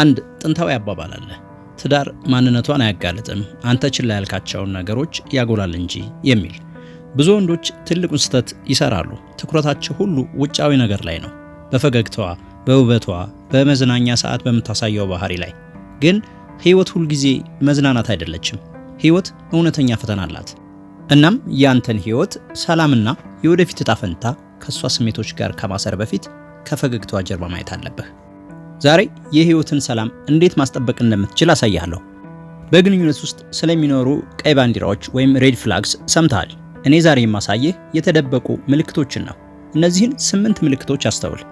አንድ ጥንታዊ አባባል አለ፣ ትዳር ማንነቷን አያጋልጥም፣ አንተ ችላ ያልካቸውን ነገሮች ያጎላል እንጂ የሚል። ብዙ ወንዶች ትልቁን ስህተት ይሰራሉ። ትኩረታቸው ሁሉ ውጫዊ ነገር ላይ ነው፣ በፈገግታዋ፣ በውበቷ፣ በመዝናኛ ሰዓት በምታሳየው ባህሪ ላይ። ግን ህይወት ሁልጊዜ መዝናናት አይደለችም። ህይወት እውነተኛ ፈተና አላት። እናም ያንተን ህይወት ሰላምና የወደፊት እጣ ፈንታ ከእሷ ስሜቶች ጋር ከማሰር በፊት ከፈገግታዋ ጀርባ ማየት አለብህ። ዛሬ የህይወትን ሰላም እንዴት ማስጠበቅ እንደምትችል አሳያለሁ። በግንኙነት ውስጥ ስለሚኖሩ ቀይ ባንዲራዎች ወይም ሬድ ፍላግስ ሰምተሃል። እኔ ዛሬ የማሳየህ የተደበቁ ምልክቶችን ነው። እነዚህን ስምንት ምልክቶች አስተውል።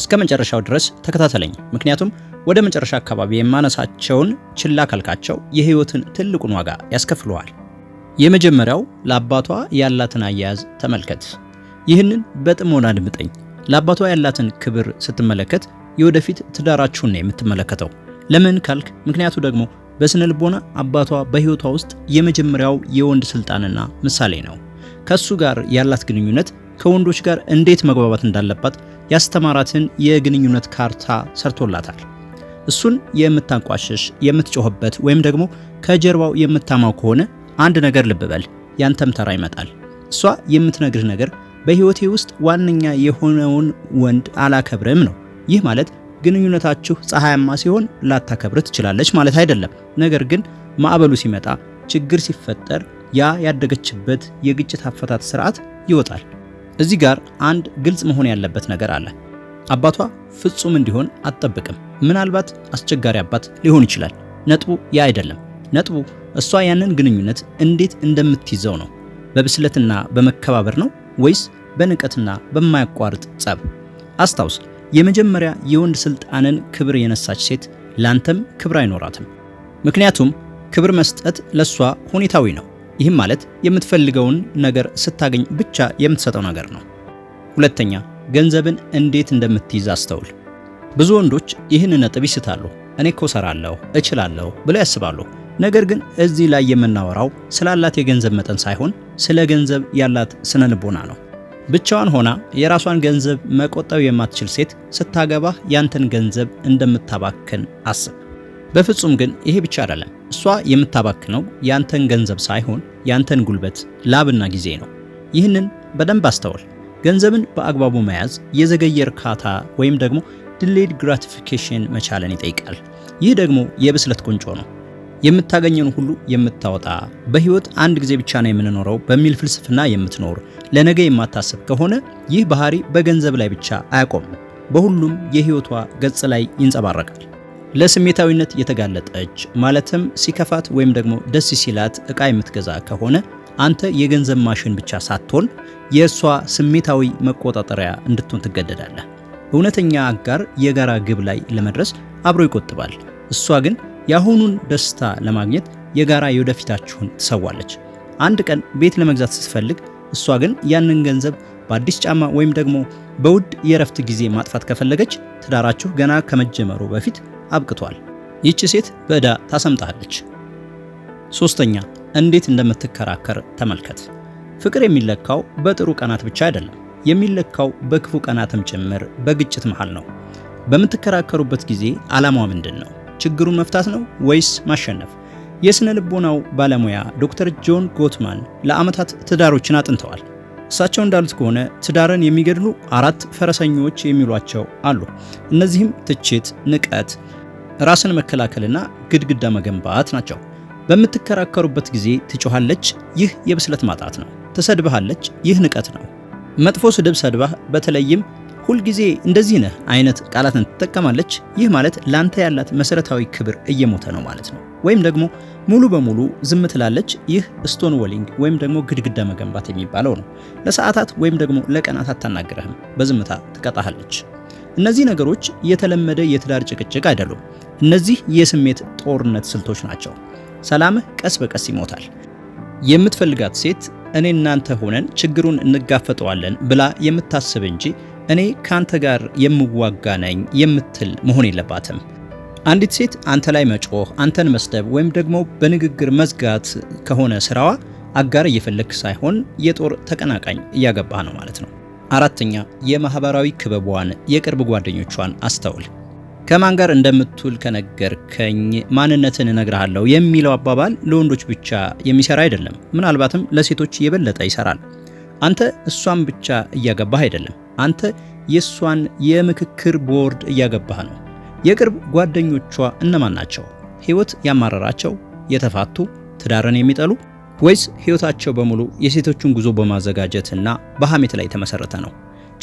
እስከ መጨረሻው ድረስ ተከታተለኝ፣ ምክንያቱም ወደ መጨረሻ አካባቢ የማነሳቸውን ችላ ካልካቸው የህይወትን ትልቁን ዋጋ ያስከፍለዋል። የመጀመሪያው ለአባቷ ያላትን አያያዝ ተመልከት። ይህንን በጥሞና አድምጠኝ። ለአባቷ ያላትን ክብር ስትመለከት የወደፊት ትዳራችሁን ነው የምትመለከተው። ለምን ካልክ ምክንያቱ ደግሞ በስነ ልቦና አባቷ በህይወቷ ውስጥ የመጀመሪያው የወንድ ስልጣንና ምሳሌ ነው። ከሱ ጋር ያላት ግንኙነት ከወንዶች ጋር እንዴት መግባባት እንዳለባት ያስተማራትን የግንኙነት ካርታ ሰርቶላታል። እሱን የምታንቋሽሽ የምትጮህበት ወይም ደግሞ ከጀርባው የምታማው ከሆነ አንድ ነገር ልብ በል፣ ያንተም ተራ ይመጣል። እሷ የምትነግርህ ነገር በህይወቴ ውስጥ ዋነኛ የሆነውን ወንድ አላከብርም ነው። ይህ ማለት ግንኙነታችሁ ፀሐያማ ሲሆን ላታከብር ትችላለች ማለት አይደለም። ነገር ግን ማዕበሉ ሲመጣ ችግር ሲፈጠር ያ ያደገችበት የግጭት አፈታት ስርዓት ይወጣል። እዚህ ጋር አንድ ግልጽ መሆን ያለበት ነገር አለ። አባቷ ፍጹም እንዲሆን አትጠብቅም። ምናልባት አስቸጋሪ አባት ሊሆን ይችላል። ነጥቡ ያ አይደለም። ነጥቡ እሷ ያንን ግንኙነት እንዴት እንደምትይዘው ነው። በብስለትና በመከባበር ነው ወይስ በንቀትና በማያቋርጥ ጸብ? አስታውስ የመጀመሪያ የወንድ ስልጣንን ክብር የነሳች ሴት ላንተም ክብር አይኖራትም። ምክንያቱም ክብር መስጠት ለሷ ሁኔታዊ ነው። ይህም ማለት የምትፈልገውን ነገር ስታገኝ ብቻ የምትሰጠው ነገር ነው። ሁለተኛ፣ ገንዘብን እንዴት እንደምትይዝ አስተውል። ብዙ ወንዶች ይህን ነጥብ ይስታሉ። እኔ እኮ ሰራለሁ እችላለሁ ብለው ያስባሉ። ነገር ግን እዚህ ላይ የምናወራው ስላላት የገንዘብ መጠን ሳይሆን ስለ ገንዘብ ያላት ስነ ልቦና ነው። ብቻዋን ሆና የራሷን ገንዘብ መቆጠብ የማትችል ሴት ስታገባ ያንተን ገንዘብ እንደምታባክን አስብ። በፍጹም ግን ይሄ ብቻ አይደለም። እሷ የምታባክነው ያንተን ገንዘብ ሳይሆን ያንተን ጉልበት፣ ላብና ጊዜ ነው። ይህንን በደንብ አስተውል። ገንዘብን በአግባቡ መያዝ የዘገየ እርካታ ወይም ደግሞ ዲሌይድ ግራቲፊኬሽን መቻለን ይጠይቃል። ይህ ደግሞ የብስለት ቁንጮ ነው። የምታገኘን ሁሉ የምታወጣ በህይወት አንድ ጊዜ ብቻ ነው የምንኖረው በሚል ፍልስፍና የምትኖር ለነገ የማታስብ ከሆነ ይህ ባህሪ በገንዘብ ላይ ብቻ አያቆምም፣ በሁሉም የህይወቷ ገጽ ላይ ይንጸባረቃል። ለስሜታዊነት የተጋለጠች ማለትም ሲከፋት ወይም ደግሞ ደስ ሲላት እቃ የምትገዛ ከሆነ አንተ የገንዘብ ማሽን ብቻ ሳትሆን የእሷ ስሜታዊ መቆጣጠሪያ እንድትሆን ትገደዳለህ። እውነተኛ አጋር የጋራ ግብ ላይ ለመድረስ አብሮ ይቆጥባል። እሷ ግን የአሁኑን ደስታ ለማግኘት የጋራ የወደፊታችሁን ትሰዋለች። አንድ ቀን ቤት ለመግዛት ስትፈልግ እሷ ግን ያንን ገንዘብ በአዲስ ጫማ ወይም ደግሞ በውድ የእረፍት ጊዜ ማጥፋት ከፈለገች ትዳራችሁ ገና ከመጀመሩ በፊት አብቅቷል። ይቺ ሴት በዕዳ ታሰምጣለች። ሶስተኛ እንዴት እንደምትከራከር ተመልከት። ፍቅር የሚለካው በጥሩ ቀናት ብቻ አይደለም፣ የሚለካው በክፉ ቀናትም ጭምር በግጭት መሃል ነው። በምትከራከሩበት ጊዜ ዓላማዋ ምንድን ነው? ችግሩን መፍታት ነው ወይስ ማሸነፍ? የስነ ልቦናው ባለሙያ ዶክተር ጆን ጎትማን ለዓመታት ትዳሮችን አጥንተዋል። እሳቸው እንዳሉት ከሆነ ትዳርን የሚገድሉ አራት ፈረሰኞች የሚሏቸው አሉ። እነዚህም ትችት፣ ንቀት፣ ራስን መከላከልና ግድግዳ መገንባት ናቸው። በምትከራከሩበት ጊዜ ትጮኻለች፣ ይህ የብስለት ማጣት ነው። ትሰድብሃለች፣ ይህ ንቀት ነው። መጥፎ ስድብ ሰድባህ፣ በተለይም ሁልጊዜ እንደዚህ ነህ አይነት ቃላትን ትጠቀማለች። ይህ ማለት ላንተ ያላት መሰረታዊ ክብር እየሞተ ነው ማለት ነው። ወይም ደግሞ ሙሉ በሙሉ ዝም ትላለች። ይህ ስቶን ወሊንግ ወይም ደግሞ ግድግዳ መገንባት የሚባለው ነው። ለሰዓታት ወይም ደግሞ ለቀናት አታናግረህም፣ በዝምታ ትቀጣሃለች። እነዚህ ነገሮች የተለመደ የትዳር ጭቅጭቅ አይደሉም። እነዚህ የስሜት ጦርነት ስልቶች ናቸው። ሰላምህ ቀስ በቀስ ይሞታል። የምትፈልጋት ሴት እኔ እናንተ ሆነን ችግሩን እንጋፈጠዋለን ብላ የምታስብ እንጂ እኔ ከአንተ ጋር የምዋጋ ነኝ የምትል መሆን የለባትም። አንዲት ሴት አንተ ላይ መጮህ፣ አንተን መስደብ ወይም ደግሞ በንግግር መዝጋት ከሆነ ስራዋ አጋር እየፈለግክ ሳይሆን የጦር ተቀናቃኝ እያገባ ነው ማለት ነው። አራተኛ የማህበራዊ ክበቧን፣ የቅርብ ጓደኞቿን አስተውል። ከማን ጋር እንደምትውል ከነገርከኝ ማንነትን እነግርሃለሁ የሚለው አባባል ለወንዶች ብቻ የሚሰራ አይደለም። ምናልባትም ለሴቶች የበለጠ ይሰራል። አንተ እሷን ብቻ እያገባህ አይደለም አንተ የእሷን የምክክር ቦርድ እያገባህ ነው። የቅርብ ጓደኞቿ እነማን ናቸው? ሕይወት ያማረራቸው፣ የተፋቱ፣ ትዳርን የሚጠሉ ወይስ ሕይወታቸው በሙሉ የሴቶችን ጉዞ በማዘጋጀትና በሐሜት ላይ የተመሰረተ ነው?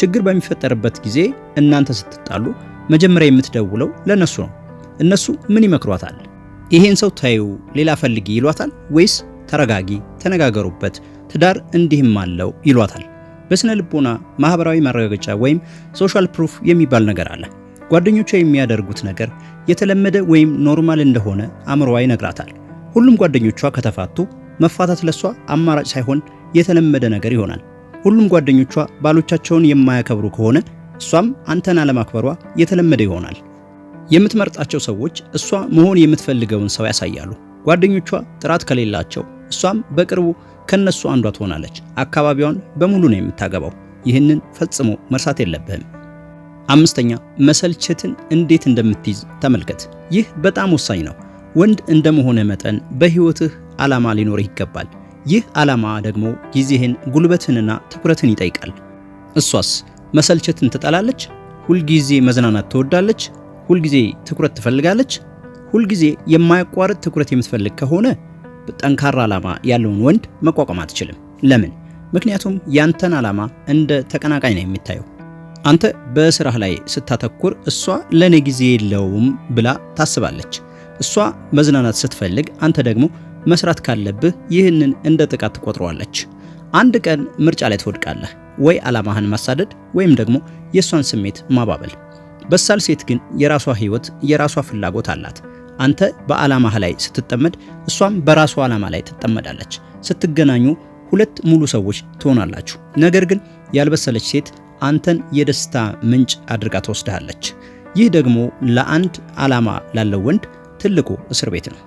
ችግር በሚፈጠርበት ጊዜ እናንተ ስትጣሉ መጀመሪያ የምትደውለው ለእነሱ ነው። እነሱ ምን ይመክሯታል? ይሄን ሰው ታዩ፣ ሌላ ፈልጊ ይሏታል? ወይስ ተረጋጊ፣ ተነጋገሩበት፣ ትዳር እንዲህም አለው ይሏታል? በስነ ልቦና ማህበራዊ ማረጋገጫ ወይም ሶሻል ፕሩፍ የሚባል ነገር አለ። ጓደኞቿ የሚያደርጉት ነገር የተለመደ ወይም ኖርማል እንደሆነ አእምሮዋ ይነግራታል። ሁሉም ጓደኞቿ ከተፋቱ መፋታት ለሷ አማራጭ ሳይሆን የተለመደ ነገር ይሆናል። ሁሉም ጓደኞቿ ባሎቻቸውን የማያከብሩ ከሆነ እሷም አንተን አለማክበሯ የተለመደ ይሆናል። የምትመርጣቸው ሰዎች እሷ መሆን የምትፈልገውን ሰው ያሳያሉ። ጓደኞቿ ጥራት ከሌላቸው እሷም በቅርቡ ከነሱ አንዷ ትሆናለች። አካባቢዋን በሙሉ ነው የምታገባው። ይህንን ፈጽሞ መርሳት የለብህም። አምስተኛ መሰልቸትን እንዴት እንደምትይዝ ተመልከት። ይህ በጣም ወሳኝ ነው። ወንድ እንደመሆነ መጠን በህይወትህ ዓላማ ሊኖርህ ይገባል። ይህ ዓላማ ደግሞ ጊዜህን፣ ጉልበትህንና ትኩረትን ይጠይቃል። እሷስ መሰልቸትን ትጠላለች። ሁልጊዜ መዝናናት ትወዳለች። ሁልጊዜ ትኩረት ትፈልጋለች። ሁልጊዜ የማያቋርጥ ትኩረት የምትፈልግ ከሆነ ጠንካራ ዓላማ ያለውን ወንድ መቋቋም አትችልም። ለምን? ምክንያቱም ያንተን ዓላማ እንደ ተቀናቃኝ ነው የሚታየው። አንተ በስራህ ላይ ስታተኩር እሷ ለእኔ ጊዜ የለውም ብላ ታስባለች። እሷ መዝናናት ስትፈልግ፣ አንተ ደግሞ መስራት ካለብህ ይህንን እንደ ጥቃት ትቆጥረዋለች። አንድ ቀን ምርጫ ላይ ትወድቃለህ። ወይ ዓላማህን ማሳደድ ወይም ደግሞ የእሷን ስሜት ማባበል። በሳል ሴት ግን የራሷ ህይወት፣ የራሷ ፍላጎት አላት። አንተ በዓላማህ ላይ ስትጠመድ፣ እሷም በራሱ ዓላማ ላይ ትጠመዳለች። ስትገናኙ ሁለት ሙሉ ሰዎች ትሆናላችሁ። ነገር ግን ያልበሰለች ሴት አንተን የደስታ ምንጭ አድርጋ ትወስድሃለች። ይህ ደግሞ ለአንድ ዓላማ ላለው ወንድ ትልቁ እስር ቤት ነው።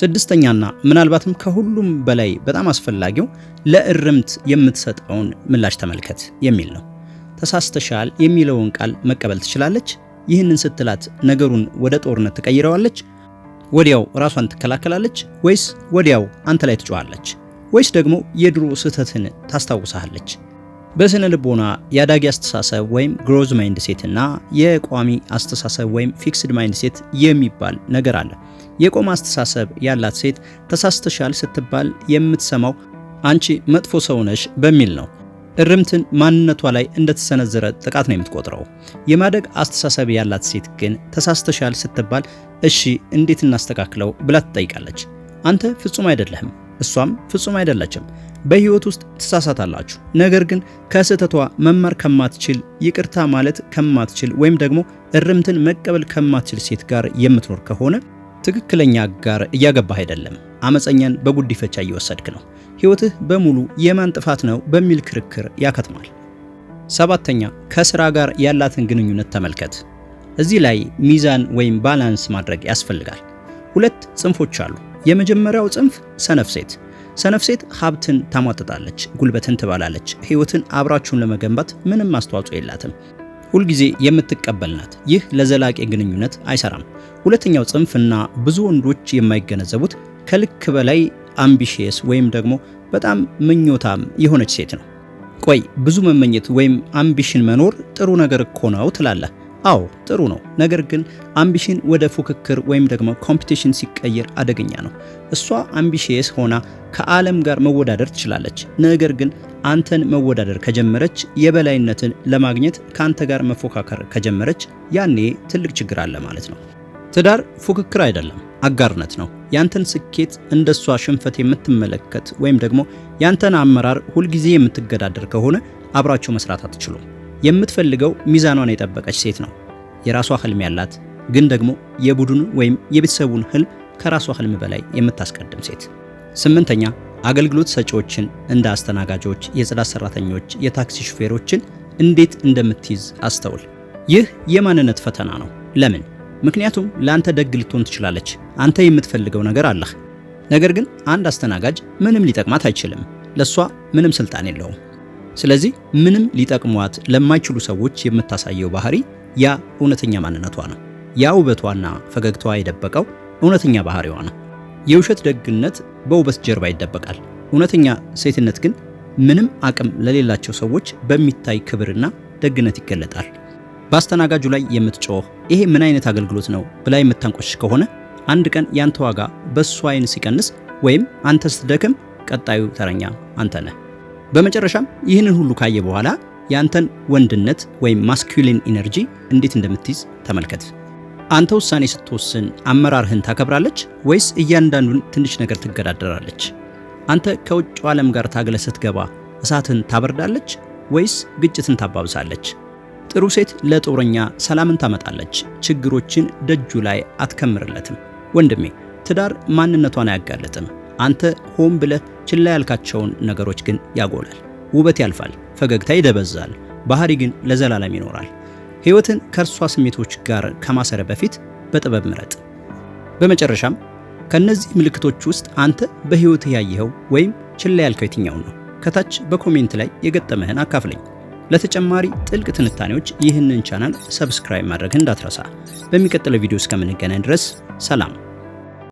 ስድስተኛና ምናልባትም ከሁሉም በላይ በጣም አስፈላጊው ለእርምት የምትሰጠውን ምላሽ ተመልከት የሚል ነው። ተሳስተሻል የሚለውን ቃል መቀበል ትችላለች። ይህንን ስትላት ነገሩን ወደ ጦርነት ትቀይረዋለች ወዲያው ራሷን ትከላከላለች ወይስ ወዲያው አንተ ላይ ትጮኻለች ወይስ ደግሞ የድሮ ስህተትን ታስታውሳለች? በስነ ልቦና የአዳጊ አስተሳሰብ ወይም ግሮዝ ማይንድ ሴት እና የቋሚ አስተሳሰብ ወይም ፊክስድ ማይንድ ሴት የሚባል ነገር አለ። የቆመ አስተሳሰብ ያላት ሴት ተሳስተሻል ስትባል የምትሰማው አንቺ መጥፎ ሰው ነሽ በሚል ነው። እርምትን ማንነቷ ላይ እንደተሰነዘረ ጥቃት ነው የምትቆጥረው። የማደግ አስተሳሰብ ያላት ሴት ግን ተሳስተሻል ስትባል እሺ እንዴት እናስተካክለው ብላ ትጠይቃለች። አንተ ፍጹም አይደለህም፣ እሷም ፍጹም አይደለችም። በህይወት ውስጥ ትሳሳታላችሁ። ነገር ግን ከስህተቷ መማር ከማትችል ይቅርታ ማለት ከማትችል ወይም ደግሞ እርምትን መቀበል ከማትችል ሴት ጋር የምትኖር ከሆነ ትክክለኛ ጋር እያገባህ አይደለም፣ አመፀኛን በጉዲፈቻ እየወሰድክ ነው። ሕይወትህ በሙሉ የማን ጥፋት ነው በሚል ክርክር ያከትማል። ሰባተኛ ከስራ ጋር ያላትን ግንኙነት ተመልከት። እዚህ ላይ ሚዛን ወይም ባላንስ ማድረግ ያስፈልጋል። ሁለት ጽንፎች አሉ። የመጀመሪያው ጽንፍ ሰነፍ ሴት። ሰነፍ ሴት ሀብትን ታሟጥጣለች፣ ጉልበትን ትባላለች፣ ሕይወትን አብራችሁን ለመገንባት ምንም አስተዋጽኦ የላትም። ሁልጊዜ የምትቀበል ናት። ይህ ለዘላቂ ግንኙነት አይሰራም። ሁለተኛው ጽንፍና ብዙ ወንዶች የማይገነዘቡት ከልክ በላይ አምቢሽየስ ወይም ደግሞ በጣም ምኞታም የሆነች ሴት ነው። ቆይ ብዙ መመኘት ወይም አምቢሽን መኖር ጥሩ ነገር እኮ ነው ትላለህ? አዎ ጥሩ ነው። ነገር ግን አምቢሽን ወደ ፉክክር ወይም ደግሞ ኮምፒቲሽን ሲቀየር አደገኛ ነው። እሷ አምቢሽየስ ሆና ከዓለም ጋር መወዳደር ትችላለች። ነገር ግን አንተን መወዳደር ከጀመረች፣ የበላይነትን ለማግኘት ከአንተ ጋር መፎካከር ከጀመረች፣ ያኔ ትልቅ ችግር አለ ማለት ነው። ትዳር ፉክክር አይደለም። አጋርነት ነው። ያንተን ስኬት እንደሷ ሽንፈት የምትመለከት ወይም ደግሞ ያንተን አመራር ሁልጊዜ የምትገዳደር ከሆነ አብራችሁ መስራት አትችሉም። የምትፈልገው ሚዛኗን የጠበቀች ሴት ነው። የራሷ ህልም ያላት ግን ደግሞ የቡድኑ ወይም የቤተሰቡን ህልም ከራሷ ህልም በላይ የምታስቀድም ሴት። ስምንተኛ አገልግሎት ሰጪዎችን እንደ አስተናጋጆች፣ የጽዳት ሰራተኞች፣ የታክሲ ሹፌሮችን እንዴት እንደምትይዝ አስተውል። ይህ የማንነት ፈተና ነው። ለምን? ምክንያቱም ለአንተ ደግ ልትሆን ትችላለች። አንተ የምትፈልገው ነገር አለህ። ነገር ግን አንድ አስተናጋጅ ምንም ሊጠቅማት አይችልም። ለሷ ምንም ስልጣን የለውም። ስለዚህ ምንም ሊጠቅሟት ለማይችሉ ሰዎች የምታሳየው ባህሪ ያ እውነተኛ ማንነቷ ነው። ያ ውበቷና ፈገግታዋ የደበቀው እውነተኛ ባህሪዋ ነው። የውሸት ደግነት በውበት ጀርባ ይደበቃል። እውነተኛ ሴትነት ግን ምንም አቅም ለሌላቸው ሰዎች በሚታይ ክብርና ደግነት ይገለጣል። በአስተናጋጁ ላይ የምትጮህ ይሄ ምን አይነት አገልግሎት ነው ብላ የምታንቆሽሽ ከሆነ አንድ ቀን ያንተ ዋጋ በሱ አይን ሲቀንስ ወይም አንተ ስትደክም ቀጣዩ ተረኛ አንተ ነህ። በመጨረሻም ይህንን ሁሉ ካየ በኋላ የአንተን ወንድነት ወይም ማስኩሊን ኢነርጂ እንዴት እንደምትይዝ ተመልከት። አንተ ውሳኔ ስትወስን አመራርህን ታከብራለች ወይስ እያንዳንዱን ትንሽ ነገር ትገዳደራለች? አንተ ከውጭ ዓለም ጋር ታግለ ስትገባ እሳትን ታበርዳለች ወይስ ግጭትን ታባብሳለች? ጥሩ ሴት ለጦረኛ ሰላምን ታመጣለች፣ ችግሮችን ደጁ ላይ አትከምርለትም። ወንድሜ ትዳር ማንነቷን አያጋልጥም። አንተ ሆም ብለህ ችላ ያልካቸውን ነገሮች ግን ያጎላል። ውበት ያልፋል፣ ፈገግታ ይደበዛል፣ ባህሪ ግን ለዘላለም ይኖራል። ሕይወትን ከእርሷ ስሜቶች ጋር ከማሰረ በፊት በጥበብ ምረጥ። በመጨረሻም ከእነዚህ ምልክቶች ውስጥ አንተ በሕይወትህ ያየኸው ወይም ችላ ያልከው የትኛውን ነው? ከታች በኮሜንት ላይ የገጠመህን አካፍለኝ። ለተጨማሪ ጥልቅ ትንታኔዎች ይህንን ቻናል ሰብስክራይብ ማድረግ እንዳትረሳ። በሚቀጥለው ቪዲዮ እስከምንገናኝ ድረስ ሰላም።